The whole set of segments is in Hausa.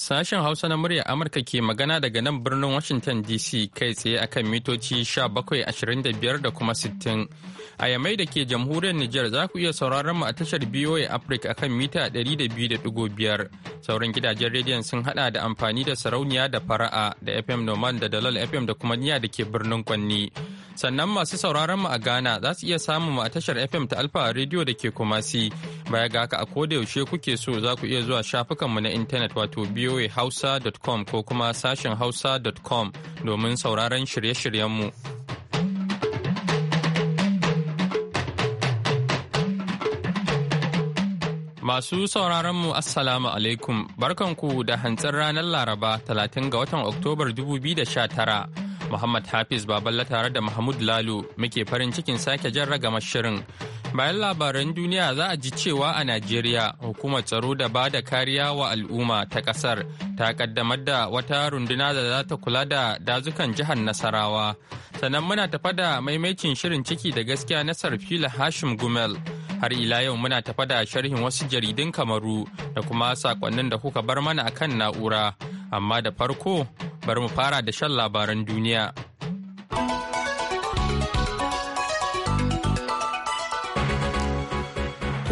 Sashen Hausa na murya Amurka ke magana daga nan birnin Washington DC kai tsaye akan mitoci 1725 da kuma 60. A yamai da ke jamhuriyar Nijar za ku iya sauraron mu a tashar BOA Africa akan mita 200.5. Sauran gidajen rediyon sun hada da amfani da sarauniya da fara'a da FM Noman da Dalal FM da kuma niya da ke birnin Kwanni. sannan masu sauraron mu a Ghana za su iya samun mu a tashar FM ta Alfa Radio da ke Kumasi. Baya ga haka a koda yaushe kuke so za ku iya zuwa shafukanmu na intanet wato voahausa.com ko kuma sashen hausa.com domin sauraron shirye-shiryenmu. Masu sauraronmu Assalamu alaikum, barkanku da hantsin ranar Laraba 30 ga watan Oktobar 2019. Muhammad Hafiz Baballa tare da Mahmud Lalo muke farin cikin sake jan ragama shirin. Bayan labaran duniya za a ji cewa a Najeriya hukumar tsaro da ba da kariya wa al'umma ta kasar ta kaddamar da wata runduna da za ta kula da dazukan jihar Nasarawa. Sannan muna tafa da maimacin shirin ciki da gaskiya na Sarfila Hashim Gumel. Har ila yau muna tafa da sharhin wasu jaridun Kamaru da kuma sakonnin da kuka bar mana a kan na'ura. Amma da farko bari mu fara da shan labaran duniya.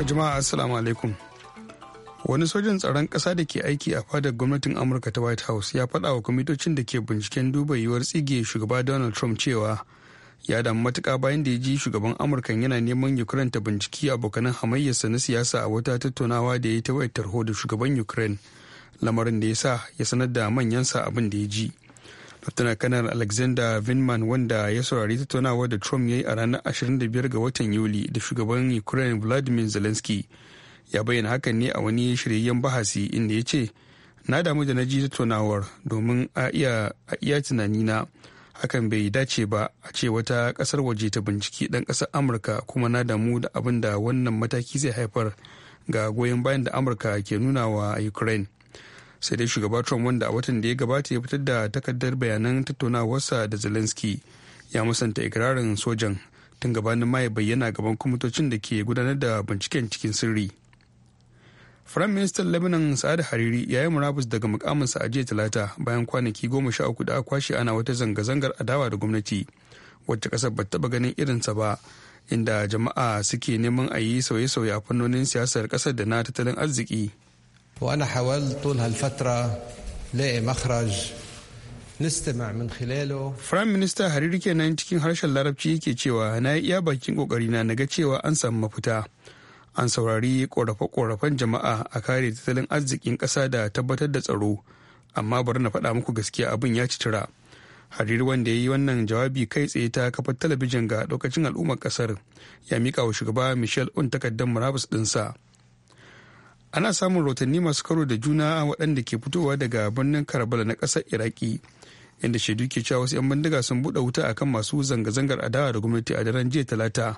jama'a assalamu alaikum wani sojin tsaron ƙasa da ke aiki a fadar gwamnatin amurka ta white house ya faɗa wa kwamitocin da ke binciken duba yiwuwar tsige shugaba donald trump cewa ya damu matuka bayan da ya ji shugaban amurka yana neman ukraine ta binciki abokanan hamayyarsa na siyasa a wata tattaunawa da ya yi ta tarho da shugaban ukraine lamarin da ya sa ya sanar da manyansa abin da ya ji lieutenant kanar alexander vinman wanda ya saurari tattaunawa da trump ya yi a ranar 25 ga watan yuli da shugaban ukraine vladimir zelensky ya bayyana hakan ne a wani shiryayyen bahasi inda ya ce na damu da na ji tattaunawar domin a iya tunanina hakan bai dace ba a ce wata kasar waje ta binciki dan kasar amurka kuma na damu da abin da wannan mataki zai haifar ga goyon bayan da amurka ke nuna wa ukraine sai dai shugaba trump wanda a watan da ya gabata ya fitar da takardar bayanan tattaunawarsa da zelenski ya musanta ikirarin sojan tun gabanin ma ya bayyana gaban kwamitocin da ke gudanar da binciken cikin sirri Firayim Ministan Lebanon Sa'ad Hariri ya yi murabus daga mukaminsa a jiya Talata bayan kwanaki goma sha uku da aka kwashe ana wata zanga-zangar adawa da gwamnati wacce kasar ba taba ganin irinsa ba inda jama'a suke neman a yi sauye-sauye a fannonin siyasar kasar da na tattalin arziki. وأنا حاولت طول هالفترة لاقي مخرج نستمع من خلاله Hariri kenan cikin harshen Larabci yake cewa na yi iya bakin kokarina na ga cewa an samu mafita. an saurari korafe-korafen jama'a a kare tattalin arzikin ƙasa da tabbatar da tsaro amma bari na faɗa muku gaskiya abin ya ci tura hariri wanda ya yi wannan jawabi kai tsaye ta kafar talabijin ga lokacin al'ummar ƙasar ya mika wa shugaba michel un takardar murabus ɗinsa ana samun rahotanni masu karo da juna waɗanda ke fitowa daga birnin karbala na ƙasar iraki inda shaidu ke cewa wasu 'yan bindiga sun buɗe wuta akan masu zanga-zangar adawa da gwamnati a daren jiya talata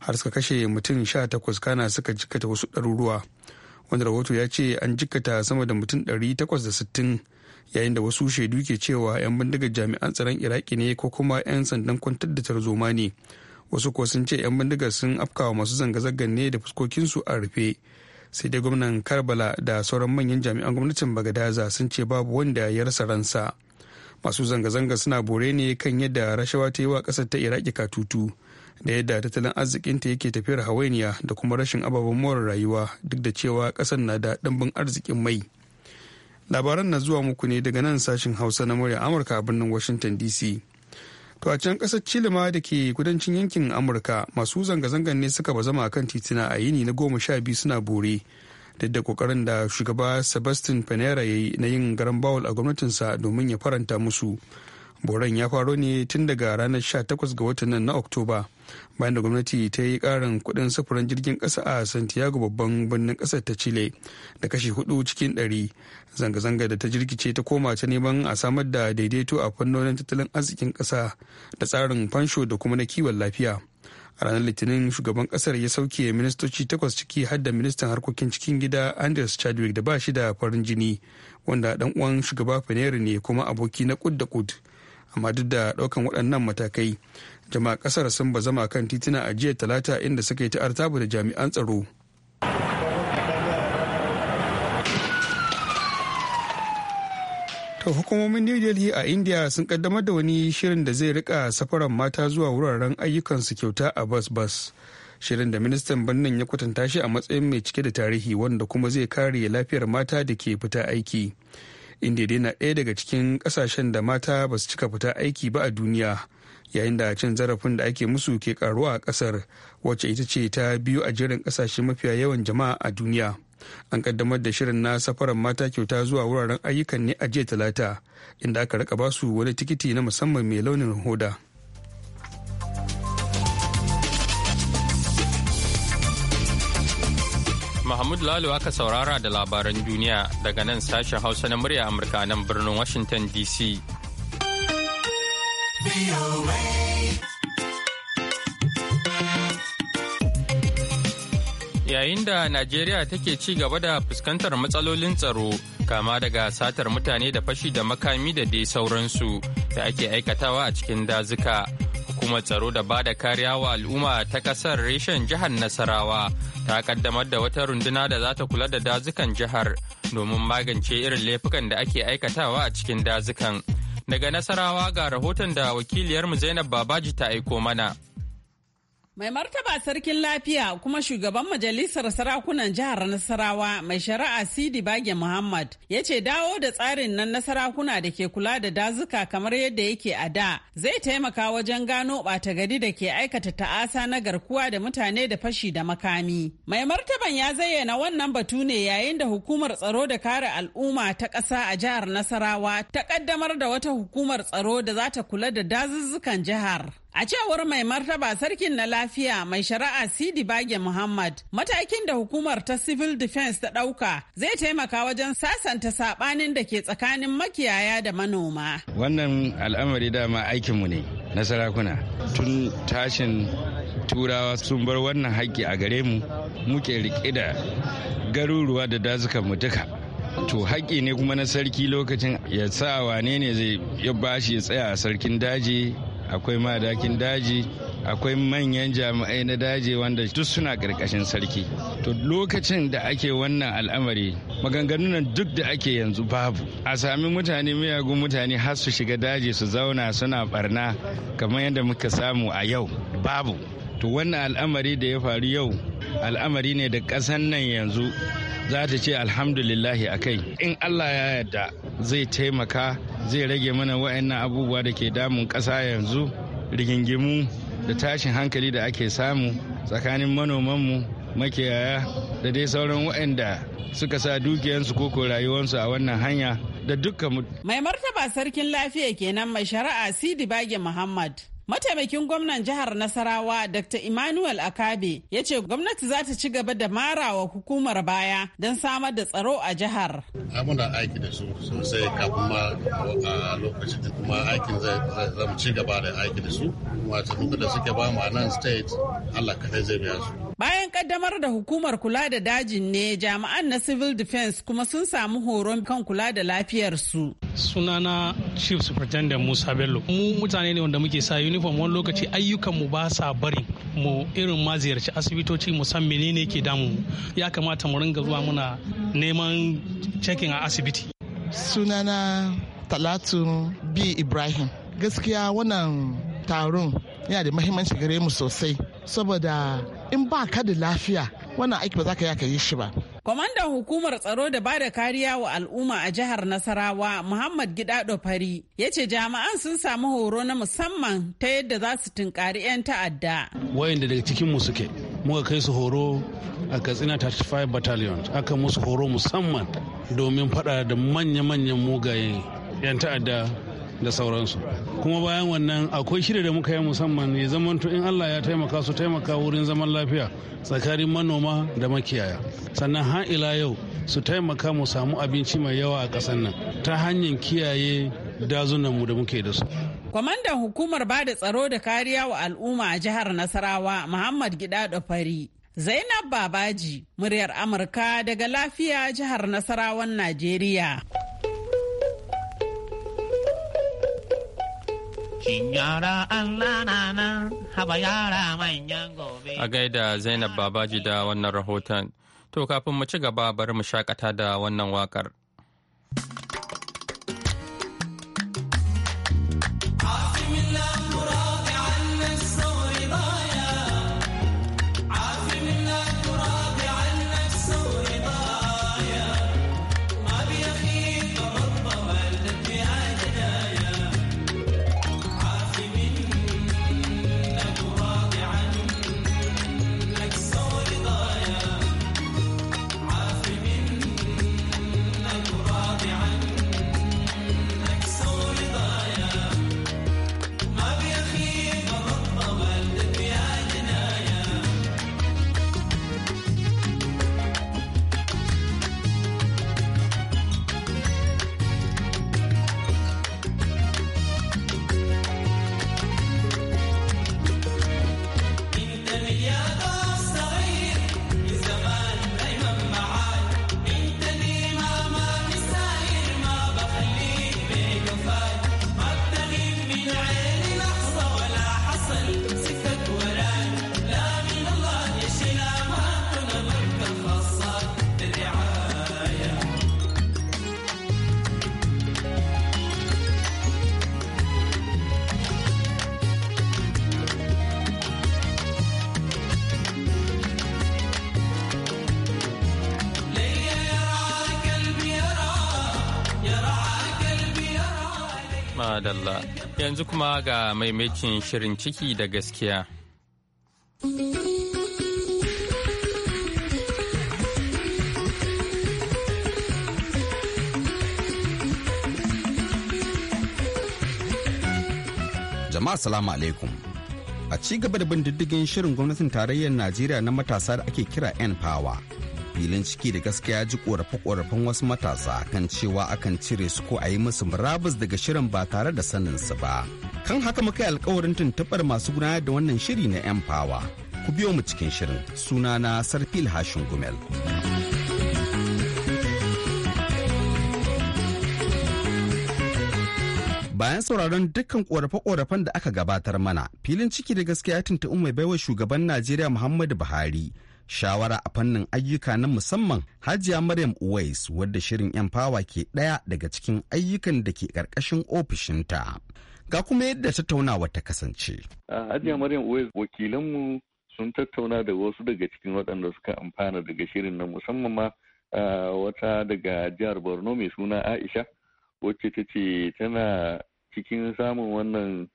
har suka kashe mutum sha takwas kana suka jikkata wasu ɗaruruwa wani rahoto ya ce an jikkata sama da mutum ɗari takwas da sittin yayin da wasu shaidu ke cewa 'yan bindigar jami'an tsaron iraki ne ko kuma 'yan sandan kwantar da tarzoma ne wasu ko sun ce 'yan bindigar sun afkawa masu zanga-zangar ne da fuskokinsu a rufe sai dai gwamnan karbala da sauran manyan jami'an gwamnatin bagadaza sun ce babu wanda ya rasa ransa masu zanga-zanga suna bore ne kan yadda rashawa ta yi wa ƙasar ta iraki katutu da yadda tattalin arzikinta yake tafiyar hawainiya da kuma rashin ababen more rayuwa duk da cewa kasar na da ɗanbin arzikin mai labaran na zuwa muku ne daga nan sashin hausa na murya amurka a birnin washington dc to a can kasar chile ma da ke kudancin yankin amurka masu zanga-zangan ne suka ba zama kan titina a yini na goma sha biyu suna bore duk da kokarin da shugaba sebastian panera ya yi na yin garan bawul a gwamnatinsa domin ya faranta musu boran ya faro ne tun daga ranar 18 ga watan nan na oktoba bayan da gwamnati ta yi karin kudin sufurin jirgin kasa a santiago babban birnin kasar ta chile da kashi hudu cikin dari zanga-zanga da ta jirgice ta koma ta neman a samar da daidaito a fannonin tattalin arzikin kasa da tsarin fansho da kuma na kiwon lafiya a ranar litinin shugaban kasar ya sauke ministoci takwas ciki har da ministan harkokin cikin gida andres chadwick da ba shi da farin jini wanda dan uwan shugaba faneri ne kuma aboki na kud da kud amma duk da daukan waɗannan matakai jama'a kasar sun zama kan titina a jiya talata inda suka yi ta da jami'an tsaro ta hukumomin new delhi a india sun kaddamar da wani shirin da zai rika safaran mata zuwa wuraren ayyukansu kyauta a bas bas shirin da ministan birnin ya kwatanta shi a matsayin mai cike da tarihi wanda kuma zai kare lafiyar mata da ke fita aiki india dai na ɗaya daga cikin ƙasashen da mata ba su cika fita aiki ba a duniya yayin da cin zarafin da ake musu ke karuwa a kasar wacce ita ce ta biyu a jerin kasashe mafiya yawan jama'a a duniya an kaddamar da shirin na safarar mata kyauta zuwa wuraren ayyukan ne a jiya talata inda aka raka basu wani tikiti na musamman mai launin hoda Mahmud Lalo aka saurara da labaran duniya daga nan sashen Hausa na murya Amurka nan birnin Washington DC. Yayin da Najeriya take ci gaba da fuskantar matsalolin tsaro kama daga satar mutane da fashi da makami da dai sauransu da ake aikatawa a cikin dazuka. Hukumar tsaro da ba da kariya wa al'umma ta kasar reshen jihar Nasarawa ta kaddamar da wata runduna da za ta kula da dazukan jihar domin magance irin laifukan da ake aikatawa a cikin dazukan. Daga Nasarawa ga rahoton da wakiliyarmu Zainab Babaji ta aiko mana. Mai martaba sarkin lafiya kuma shugaban majalisar sarakunan jihar Nasarawa mai shari'a Sidi Bage Muhammad ya ce dawo da tsarin nan na sarakuna da ke kula da dazuka kamar yadda yake a da zai taimaka wajen gano ɓata gari da ke aikata ta'asa na garkuwa da mutane da fashi da makami. Mai martaban ya zayyana wannan batu ne yayin da hukumar tsaro da kare al'umma ta ƙasa a jihar Nasarawa ta ƙaddamar da wata hukumar tsaro da za ta kula da dazuzzukan jihar. A cewar mai martaba sarkin na lafiya mai shari'a Sidi Bage Muhammad, matakin da hukumar ta Civil Defense ta ɗauka zai taimaka wajen sasanta saɓanin da ke tsakanin makiyaya da manoma. Wannan al'amari dama aikinmu ne na sarakuna. Tun tashin turawa sun bar wannan haƙƙi a gare mu muke riƙe da garuruwa da dazukan mu duka. to haƙƙi ne kuma na sarki lokacin ya sa wane ne zai ya bashi ya tsaya a sarkin daji akwai madakin daji akwai manyan jami'ai na daji wanda duk suna ƙarƙashin sarki to lokacin da ake wannan al'amari maganganun duk da ake yanzu babu a sami mutane miyagun mutane har su shiga daji su zauna suna barna kamar yadda muka samu a yau babu to wannan al'amari da ya faru yau al'amari ne da ƙasan nan yanzu za ta ce alhamdulillahi a kai in allah ya yarda zai taimaka zai rage mana wa'annan abubuwa da ke damun ƙasa yanzu rigingimu da tashin hankali da ake samu tsakanin manoman manomanmu makiyaya da dai sauran waɗanda suka sa dukiyansu koko rayuwarsu a wannan hanya da dukkan mai martaba sarkin lafiya kenan mai shari'a sidi bage muhammad Mataimakin gwamnan jihar Nasarawa Dr. Emmanuel Akabe ya ce gwamnati za ta ci gaba da marawa hukumar baya don samar da tsaro a jihar. Muna aiki da su sosai kafin ma a lokacin kuma aikin zai zama ci gaba da aiki da su. Kuma da suke ba ma nan state Allah kadai zai biya su. Bayan kaddamar da hukumar kula da dajin ne jami'an na civil defense kuma sun samu horon kan kula da lafiyarsu. Sunana Chief Superintendent Musa Bello. Mu mutane ne wanda muke sa uniform wani lokaci ayyukan mu ba sa bari mu irin ma ziyarci asibitoci mu san menene ke damu. Ya kamata mu ringa zuwa muna neman checking a asibiti. Sunana Talatu B Ibrahim. Gaskiya wannan taron yana da mahimmanci gare mu sosai saboda in ba ka da lafiya wannan aiki ba za ka yaka yi shi ba Kwamandan hukumar tsaro da ba da kariya wa al'umma a jihar Nasarawa Muhammad Gidado Fari ya ce jama'an sun samu horo na musamman ta yadda za su tunkari 'yan ta'adda. Wayanda daga cikin mu suke muka kai su horo a Katsina 35 Battalion aka musu horo musamman domin fada da manya-manyan mugayen 'yan ta'adda da sauransu kuma bayan wannan akwai shirya da muka yi musamman ya zamanto in allah ya taimaka su taimaka wurin zaman lafiya tsakanin manoma da makiyaya sannan har ila yau su taimaka mu samu abinci mai yawa a ƙasar nan ta hanyar kiyaye dazunanmu da muke da su kwamandan hukumar ba da tsaro da kariya wa al'umma a jihar nasarawa muhammad gida fari zainab babaji muryar amurka daga lafiya jihar nasarawan najeriya haba yara manyan gobe. A gaida Zainab Babaji da wannan rahoton. To kafin mu ci gaba bari mu shakata da wannan wakar. madalla yanzu kuma ga maimakin shirin ciki da gaskiya. Jama'a salamu alaikum. A ci gaba da bin diddigin shirin gwamnatin tarayyar Najeriya na matasa da ake kira N-Power. filin ciki da gaskiya ji korafe-korafen wasu matasa kan cewa akan cire su ko a yi musu murabus daga shirin ba tare da sanin su ba. Kan haka muka yi alkawarin tuntubar masu gudanar da wannan shiri na 'yan fawa. Ku biyo mu cikin shirin sunana Sarfil Hashin Gumel. bayan sauraron dukkan korafe-korafen da aka gabatar mana filin ciki da gaskiya tuntuɓi mai baiwa shugaban najeriya muhammadu buhari shawara a fannin ayyuka na musamman hajiya maryam uwais wadda shirin yan fawa ke ɗaya daga cikin ayyukan da ke karkashin ofishinta ga kuma yadda tattaunawa ta kasance hajiya maryam uwais wakilanmu sun tattauna da wasu daga cikin waɗanda suka amfana daga shirin na musamman ma wata daga jihar borno mai suna aisha wacce ta ce tana cikin samun wannan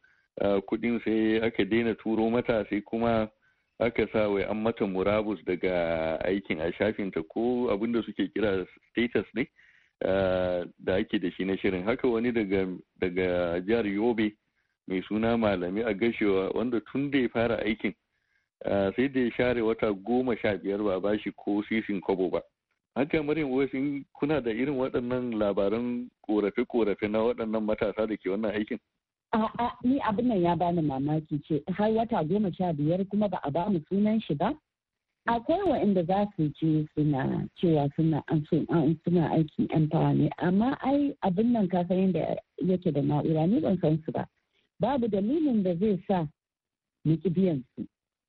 kuɗin sai aka daina turo mata sai kuma aka sa wai an mata murabus daga aikin a shafinta ko abinda suke kira status ne eh, da ake da shi na shirin haka wani daga jihar yobe mai suna malami a gashewa wanda tun da ya fara aikin eh, sai da ya share wata goma sha biyar ba ba shi ko sisin kwabo ba haka maryam wasu kuna da irin waɗannan labaran korafe-korafe na waɗannan matasa da ke wannan aikin A'a ni abin nan ya bani mamaki ce har wata goma sha biyar kuma ba a ba mu sunan shi ba. Akwai inda za su je suna cewa suna an suna aikin yan fawa ne amma ai abin nan ka san yadda yake da na'ura ni ban san su ba. Babu dalilin da zai sa mu ki biyan su.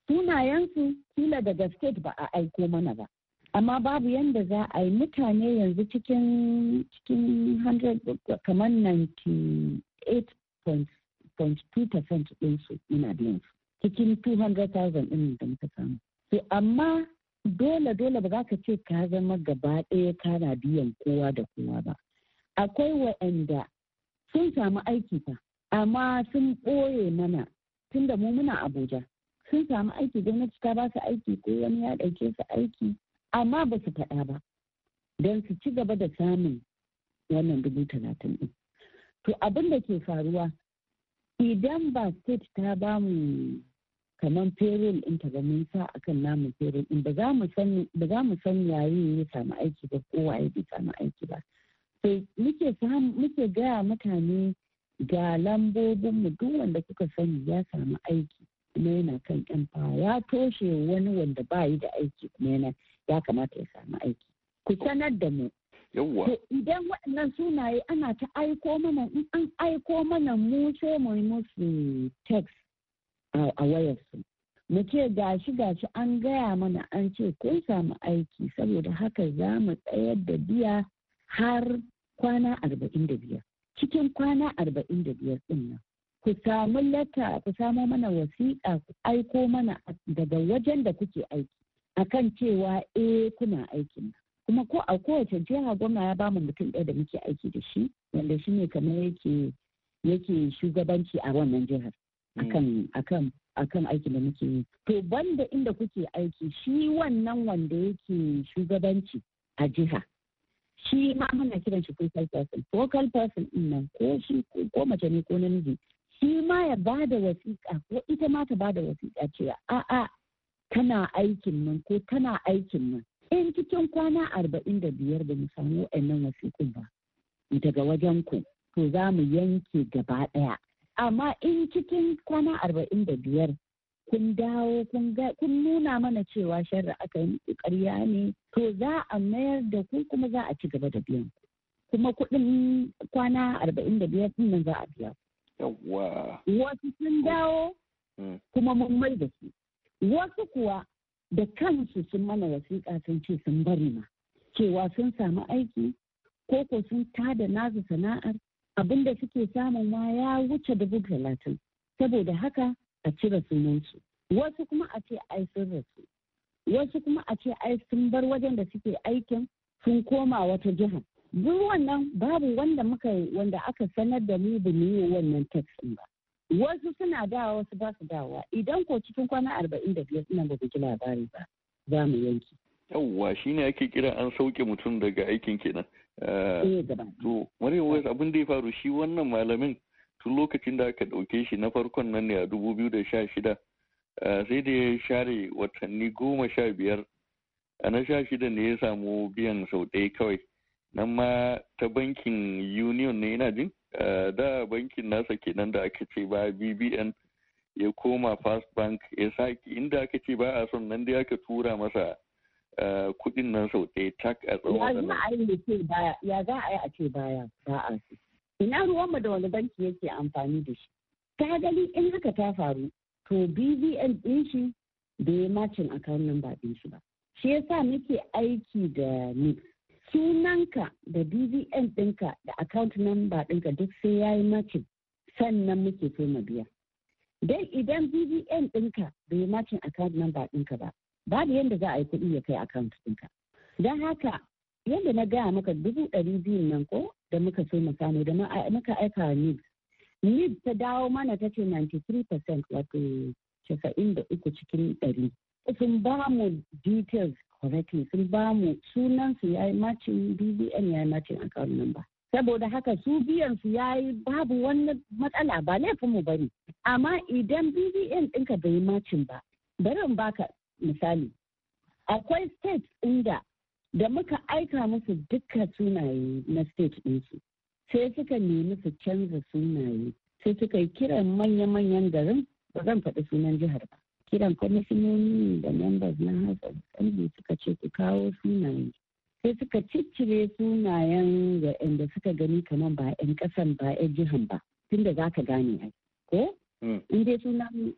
Sunayensu kila daga state ba a aiko mana ba. amma babu yadda za a yi mutane yanzu cikin cikin 100 kamar 98 0.2% ɗinsu ina biyan su cikin 200,000 ɗin da muka samu. To amma dole dole ba za ka ce ka zama gaba ɗaya kana biyan kowa da kowa ba. Akwai waɗanda sun samu aiki fa amma sun ɓoye mana Tun da mu muna Abuja. Sun samu aiki gwamnati ta ba su aiki ko wani ya ɗauke su aiki amma ba su faɗa ba. Don su ci gaba da samun wannan dubu talatin ɗin. to abin da ke faruwa idan ba state ta ba mu kamar payroll in ta ba mun sa akan namun payroll in ba za mu san yayi ya samu aiki ba ko waye bai samu aiki ba to muke muke gaya mutane ga lambobin mu duk wanda kuka sani ya samu aiki kuma yana kan yan ya toshe wani wanda ba yi da aiki kuma yana ya kamata ya samu aiki ku sanar da mu Yawwa. Idan waɗannan sunaye ana ta aiko mana in an aiko mana mu so mu musu text a wayarsu. Mu ce gashi gashi an gaya mana an ce kun samu aiki saboda haka za mu tsayar da biya har kwana arba'in da biyar. Cikin kwana arba'in da biyar ɗin nan. ku samu lata ku samo mana wasiƙa ku aiko mana daga wajen da kuke aiki akan cewa eh kuna aikin nan. kuma ko a kowace jiha gwamna ya bamu mutum ɗaya da muke aiki da shi wanda shi ne kamar yake shugabanci a wannan jihar akan mm. akan akan aikin da muke yi to banda inda kuke aiki shi wannan wanda yake shugabanci a jiha shi ma muna kiran shi focal person focal person din nan ko shi ko mace ne ko namiji shi ma ya ba da wasiƙa ko ita ma ta ba da wasiƙa cewa a'a kana aikin nan ko kana aikin nan in cikin kwana arba'in da biyar da mu samu waɗannan wasiƙun ba daga wajen ku to za mu yanke gaba ɗaya amma in cikin kwana arba'in da biyar kun dawo kun nuna mana cewa sharri aka yi ƙarya ne to za a mayar da ku kuma za a ci gaba da biyan kuma kuɗin kwana arba'in da biyar nan za a biya wasu sun dawo hmm. kuma mun mai da su wasu kuwa da kansu sun mana wasiƙa sun ce sun bari ma cewa sun samu aiki ko ko sun tada nasu sana'ar abinda suke samun ma ya wuce dubu talatin saboda haka a cire sunansu wasu kuma a ce ai sun rasu wasu kuma a ce ai sun bar wajen da suke aikin sun koma wata jiha duk wannan babu wanda muka wanda aka sanar da mu bu wannan tax ba wasu suna dawa wasu ba su dawa idan ko cikin kwana arba'in da biyar suna ba ji labari ba za mu yanki. yawwa shine ake kira an sauke mutum daga aikin kenan. Eh, eh, to maryam abin da ya faru shi wannan malamin tun lokacin da aka dauke shi na farkon nan ne a dubu biyu da sha shida eh, sai da ya share watanni goma sha biyar a na sha shida ne ya samu biyan sau ɗaya kawai nan ma ta bankin union ne yana jin Eh, da bankin nasa kenan da aka ce ba bbn ya koma fast bank ya sake inda aka ce ba a son nan da aka tura masa eh, kudin nan sau ɗaya tak a tsawon ya za a yi a ce baya ba a ina ruwanmu da wani banki yake amfani da shi ta gani in haka ta faru to bbn ɗin shi da ya macin account number ɗin shi ba shi yasa muke aiki da nix sunanka da bvn ɗinka da account number ɗinka duk sai ya yi macin sannan muke so mu biya dan idan bvn ɗinka bai yi macin account number ɗinka ba babu yadda za a yi kuɗi ya kai account ɗinka don haka yadda na gaya maka dubu ɗari biyu nan ko da muka so mu samu da muka aika wa nib nib ta dawo mana ta ce 93% wato 93 cikin ɗari sun ba mu details correctly sun ba mu sunan su yayi matching BBN yayi matching account number saboda haka su biyan su yayi babu wani matsala ba laifin mu bane amma idan BBN ɗinka bai matching ba bari in baka misali akwai state inda da muka aika musu dukkan sunaye na state ɗinsu sai suka nemi su canza sunaye sai suka yi kiran manya-manyan garin ba zan faɗi sunan jihar ba kiran kwamishinoni da members na house kanji suka ce ku kawo sunayen sai suka ciccire sunayen da suka gani kamar ba 'yan ƙasan ba 'yan jihan ba tun da za ka gane a ko mm. in dai sunan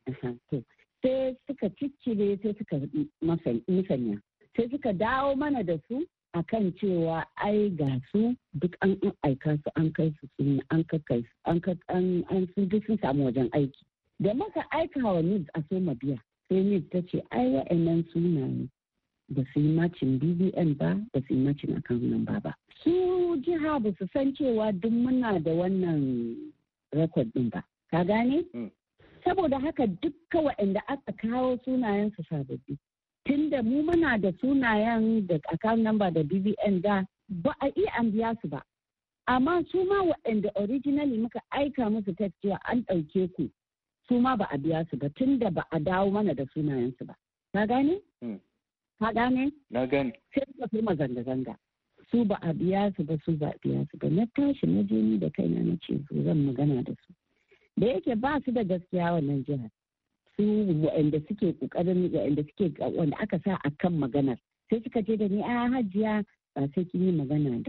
to sai suka ciccire sai suka musanya sai suka dawo mana da su a kan cewa ai ga su duk an aika su an kai su sun an kai su an sun samu wajen aiki da muka aika wa nis a soma biya sai news ta ce ai wa'annan sunaye ba su yi macin bbn ba ba su yi macin akan namba ba su jiha ba su san cewa duk muna da wannan rekod din ba ka gane mm. saboda haka dukka waanda aka kawo sunayen su sababbi tunda mu muna da sunayen da account number da bbn da ba a iya an biya su ba amma su ma waɗanda originally muka aika musu ta cewa an ɗauke ku su ma ba a biya su ba tun da ba a dawo mana da sunayensu ba ka gane hmm. ka gane na gane sai suka firma zanga-zanga su ba a biya su ba su ba a biya su ba na tashi na je ni da kaina na ce su zan magana da su da yake ba su da gaskiya wannan jihar su waɗanda suke ƙoƙarin waɗanda suke wanda aka sa a kan maganar sai suka je da ni a ah, hajiya ba sai kin yi magana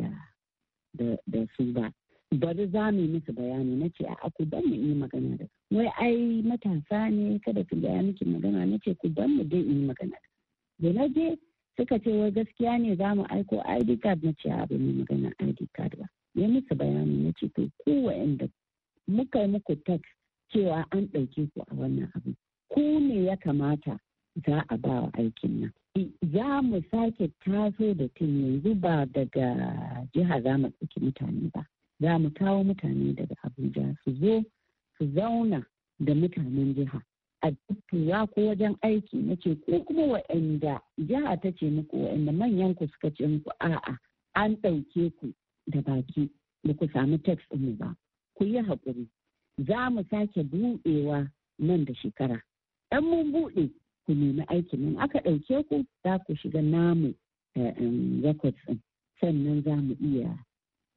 da da su ba bari za mu yi musu bayani na ce a ku ban mu yi magana da su wai ai matasa ne kada su gaya miki magana na ce ku ban mu dai in yi magana da na je suka ce wai gaskiya ne za mu aiko id card na ce a ba magana id card ba ya musu bayani na ce to ku wa'anda muka yi muku tak cewa an ɗauke ku a wannan abu ku ne ya kamata za a ba wa aikin nan za mu sake taso da tun yanzu ba daga jiha za mu ɗauki mutane ba za mu kawo mutane daga abuja su zo su zauna da mutanen jiha a ya ko wajen aiki na ce ko kuma waɗanda jiha ta ce muku wa'anda manyan ku suka ce muku a'a an ɗauke ku da baki da ku samu tax ɗin ba ku yi haƙuri za mu sake buɗewa nan da shekara ɗan mun buɗe ku nemi aikin nan aka ɗauke ku za ku shiga namu eh, records ɗin sannan za mu iya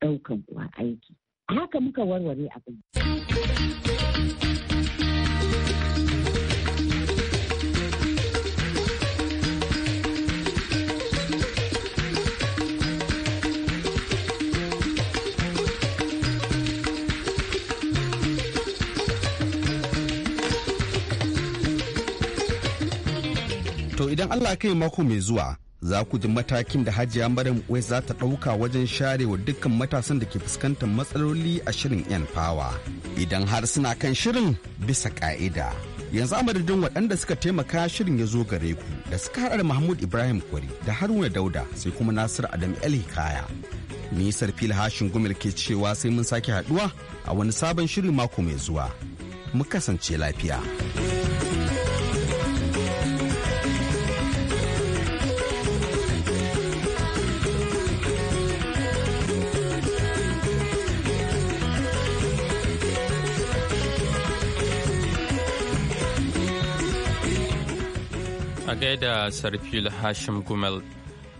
ɗaukan ku a aiki haka muka warware abin. To idan Allah kai mako mai zuwa za ku ji matakin da hajiya maryam wai za ta ɗauka wajen share wa dukkan matasan da ke fuskantar matsaloli a shirin yan fawa idan har suna kan shirin bisa ka'ida yanzu amadadin waɗanda suka taimaka shirin ya zo gare ku da suka haɗa da mahmud ibrahim kwari da haruna dauda sai kuma Nasiru adam el hikaya nisar fil hashin gumil ke cewa sai mun sake haɗuwa a wani sabon shirin mako mai zuwa mu kasance lafiya. da Sarfil Hashim Gumel.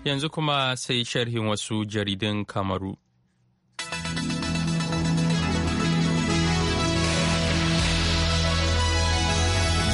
Yanzu kuma sai sharhin wasu jaridun Kamaru.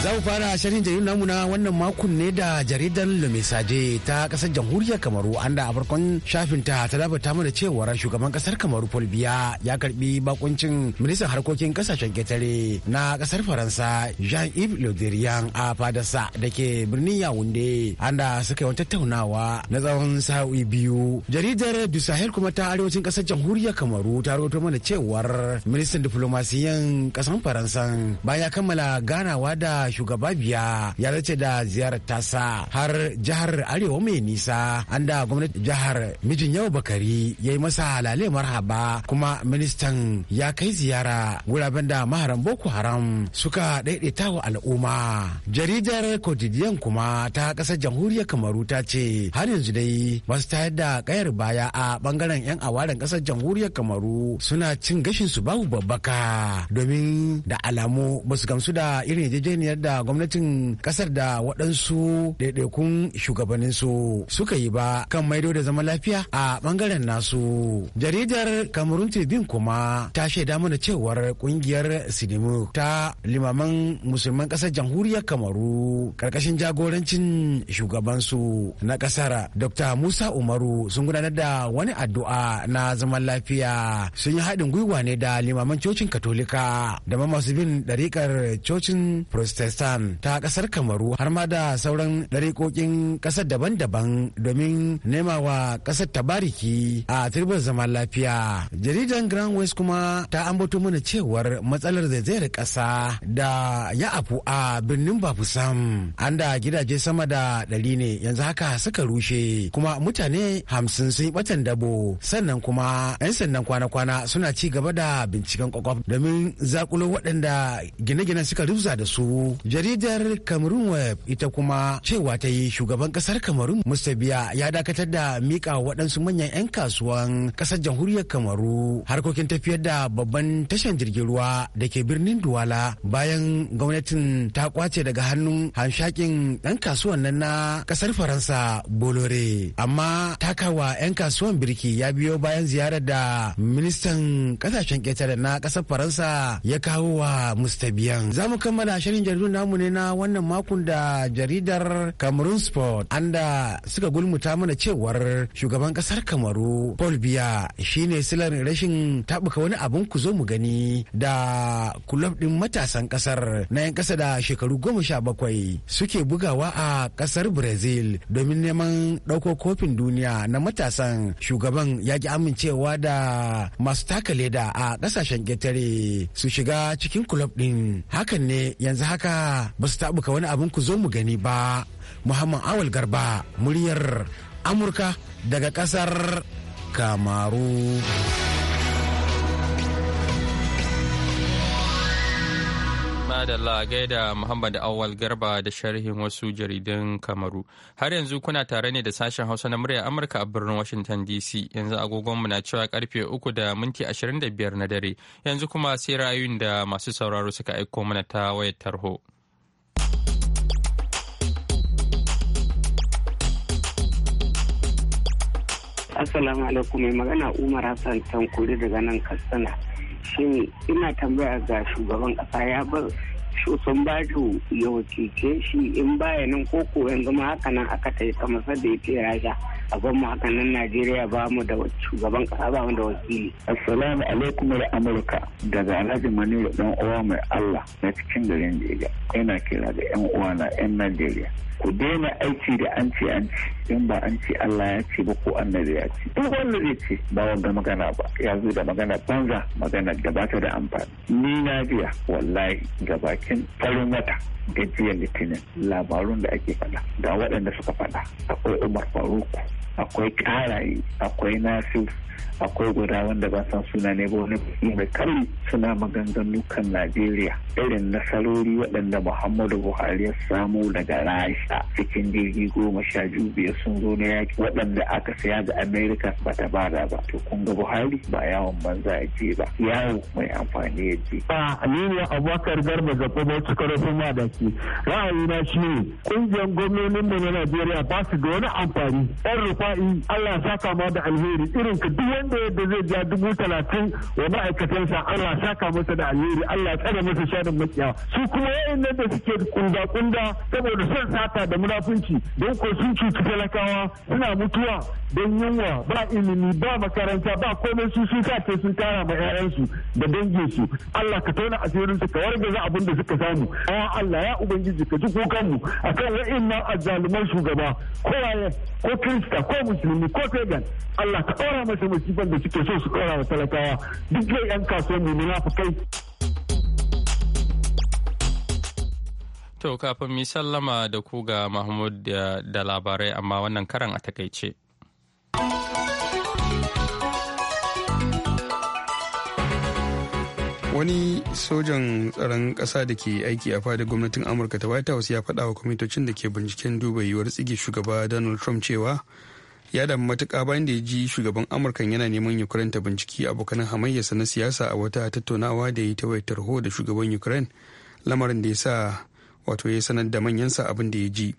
Za mu fara sharhin jaridun namu na wannan makon ne da jaridar Lumisaje ta kasar jamhuriyar Kamaru an da a farkon shafin ta ta labarta mana cewar shugaban kasar Kamaru Paul Biya ya karbi bakuncin ministan harkokin kasashen ketare na kasar Faransa Jean-Yves Le Drian a fadarsa da ke birnin Yaounde an da suka yi tattaunawa na tsawon sa'o'i biyu. Jaridar Du Sahel kuma ta arewacin kasar jamhuriyar Kamaru ta rawaito mana cewar ministan diplomasiyan kasar Faransa bayan kammala ganawa da shugaba biya ya zace da ziyarar tasa har jihar arewa mai nisa an da gwamnati jihar mijin yau bakari ya yi masa halale marhaba kuma ministan ya kai ziyara wuraben da maharan boko haram suka daidaita wa al'umma jaridar kotidiyan kuma ta kasar jamhuriyar kamaru ta ce har yanzu dai masu tayar da kayar baya a bangaren yan awarin kasar jamhuriyar kamaru suna cin gashin su babu babbaka domin da alamu ba su gamsu da irin yarjejeniyar da da gwamnatin kasar da waɗansu ɗaiɗaikun shugabanninsu suka yi ba kan maido da zaman lafiya a ɓangaren nasu jaridar cameroon tribune kuma ta shaida mana cewar ƙungiyar sinimu ta limaman musulman ƙasar jamhuriyar kamaru ƙarƙashin jagorancin shugabansu na ƙasar dr musa umaru sun gudanar da wani addu'a na zaman lafiya sun yi haɗin gwiwa ne da limaman cocin katolika da ma masu bin ɗariƙar cocin protestant pakistan ta kasar kamaru har ma da sauran ɗariƙoƙin ƙasar daban-daban domin nema wa ƙasar bariki a turbar zaman lafiya jaridan grand west kuma ta ambato mana cewar matsalar zaizayar ƙasa da ya afu a birnin bafusam an da gidaje sama da ɗari ne yanzu haka suka rushe kuma mutane hamsin sun yi batan dabo sannan kuma 'yan sandan kwana-kwana suna ci gaba da binciken kwakwaf domin zakulo waɗanda gine gine suka rufza da su jaridar cameroon web ita kuma cewa ta yi shugaban kasar cameroon mustabiya ya dakatar da mika waɗansu manyan 'yan kasuwan kasar jamhuriyar kamaru harkokin tafiyar da babban tashar jirgin ruwa da ke birnin duwala bayan gwamnatin ta kwace daga hannun hanshakin 'yan kasuwan nan na kasar faransa bolore amma takawa 'yan kasuwan birki ya biyo bayan ziyarar da ministan kasashen ƙetare na kasar faransa ya kawo wa mustabiyan za mu kammala shirin jaridu. shirin namu ne na wannan makon da jaridar Cameroon Sport anda suka gulmuta mana cewar shugaban kasar Kamaru Paul Biya shine silar rashin tabuka wani abun ku zo mu gani da kulob din matasan kasar na yan kasa da shekaru goma sha bakwai suke bugawa a kasar Brazil domin neman ɗauko kofin duniya na matasan shugaban ya ji amincewa da masu taka leda a ƙasashen ƙetare su shiga cikin kulob din hakan ne yanzu haka ba su taɓuka wani abin ku zo mu gani ba muhammad awal garba muryar amurka daga ƙasar kamaru. da lagai da Muhammad Awal Garba da sharhin wasu jaridun Kamaru. Har yanzu kuna tare ne da sashen Hausa na murya Amurka a birnin Washington DC. Yanzu agogonmu na cewa karfe uku da minti 25 na dare. Yanzu kuma sai rayun da masu sauraro suka aiko mana ta wayar tarho. Assalamu alaikum mai magana Umar Hassan Tankuri daga nan Katsina. Shin ina tambaya ga shugaban kasa ya bar so sun ba shi ya wakilce shi in baya nan koko yanzu ma haka nan aka ta yi kamar sadda ya ce rasha abin mu haka nan najeriya ba mu da shugaban kasa ba mu da wakili. assalamu alaikum da amurka daga alhaji maniru dan uwa mai allah na cikin garin jega yana kira da yan uwa na yan najeriya ku daina aiki da an ce an ce in ba an ce Allah ya ce ba ko annabi ya ce duk wanda zai ce ba wanda magana ba ya zo da magana banza magana da ba ta da amfani ni na biya wallahi ga bakin farin wata gajiyar litinin labarun da ake faɗa ga waɗanda suka faɗa akwai umar faruku akwai karaye akwai nasir akwai guda wanda ba san suna ne ba wani mai kalli suna maganganu kan najeriya irin nasarori waɗanda muhammadu buhari ya samu daga rasha cikin jirgi goma sha biyu biyar sun zo na yaki waɗanda aka saya ga america ba ta bada ba to kun ga buhari ba yawon banza ya je ba yawo mai amfani ya je. a aminu abubakar garba zaɓo ba su karfin ma da ke ra'ayina shi ne ƙungiyar gwamnonin mu na najeriya ba su da wani amfani 'yan rufa ja'i Allah saka ma da alheri irin ka duk wanda yadda zai ja dubu talatin wa ma'aikatansa Allah ya saka masa da alheri Allah ya tsare masa sharin makiya su kuma wa'annan da suke kunda kunda saboda son sata da munafunci don ko sun cuci talakawa suna mutuwa don yunwa ba ilimi ba makaranta ba komai su sun sace sun tara ma 'ya'yansu da danginsu Allah ka tona asirinsu ka wargaza abin da suka samu ya Allah ya ubangiji ka ji mu akan wa'annan azzaluman shugaba ko ko kirista ko ko musulmi ko pagan Allah ka ɗora masa musibar da suke so su ɗora wa talakawa duk zai 'yan kasuwan mu munafukai. To kafin mi sallama da ku ga Mahmud da labarai amma wannan karan a takaice. Wani sojan tsaron ƙasa da ke aiki a fadar gwamnatin Amurka ta White House ya faɗa wa kwamitocin da ke binciken duba yiwuwar tsige shugaba Donald Trump cewa ya damu matuka bayan da ya ji shugaban amurka yana neman ukraine ta binciki abokan hamayyarsa na siyasa a wata tattaunawa da ya yi wayar tarho da shugaban ukraine lamarin da ya sa wato ya sanar da manyan sa abin da ya ji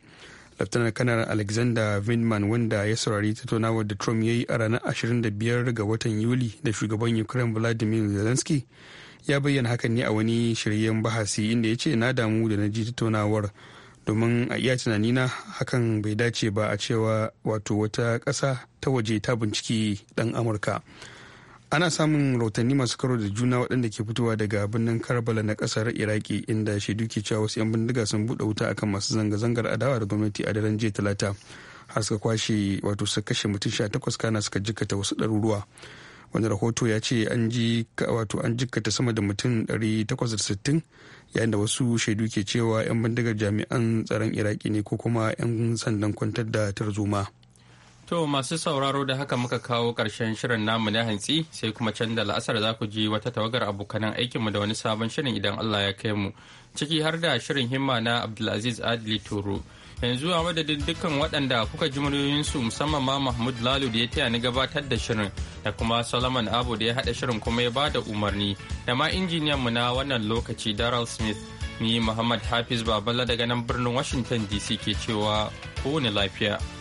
laftanar kanar alexander vindman wanda ya saurari tattaunawar da trump ya yi a ranar 25 ga watan yuli da shugaban ukraine vladimir zelensky ya bayyana hakan ne a wani shiryen bahasi inda ya ce na damu da na ji tattaunawar domin a iya tunanina hakan bai dace ba a cewa wato wata ƙasa ta waje ta binciki ɗan amurka ana samun rautanni masu karo da juna waɗanda ke fitowa daga birnin karbala na ƙasar iraki inda shaidu ke cewa wasu 'yan bindiga sun buɗe wuta akan masu zanga-zangar adawa da gwamnati a daren jiya talata har suka kwashe wato su kashe mutum sha takwas kana suka jikkata wasu ɗaruruwa wani rahoto ya ce an ji wato an jikkata sama da mutum 860 yayin da wasu shaidu ke cewa 'yan bindigar jami'an tsaron iraki ne ko kuma 'yan sandan kwantar da tarzoma to masu sauraro da haka muka kawo karshen shirin namu na hantsi sai kuma can da la'asar za ku ji wata tawagar abokanan aikinmu da wani sabon shirin idan allah ya kai mu ciki har da shirin himma na abdulaziz adli toro yanzu a madadin dukkan waɗanda kuka ji muryoyinsu musamman ma mahmud lalu ya taya ni gabatar da shirin da kuma solomon abu da ya haɗa shirin kuma ya bada umarni da ma injiniyan mu na wannan lokaci daryl smith ni muhammad hafiz babala daga nan birnin washington dc ke cewa kowane lafiya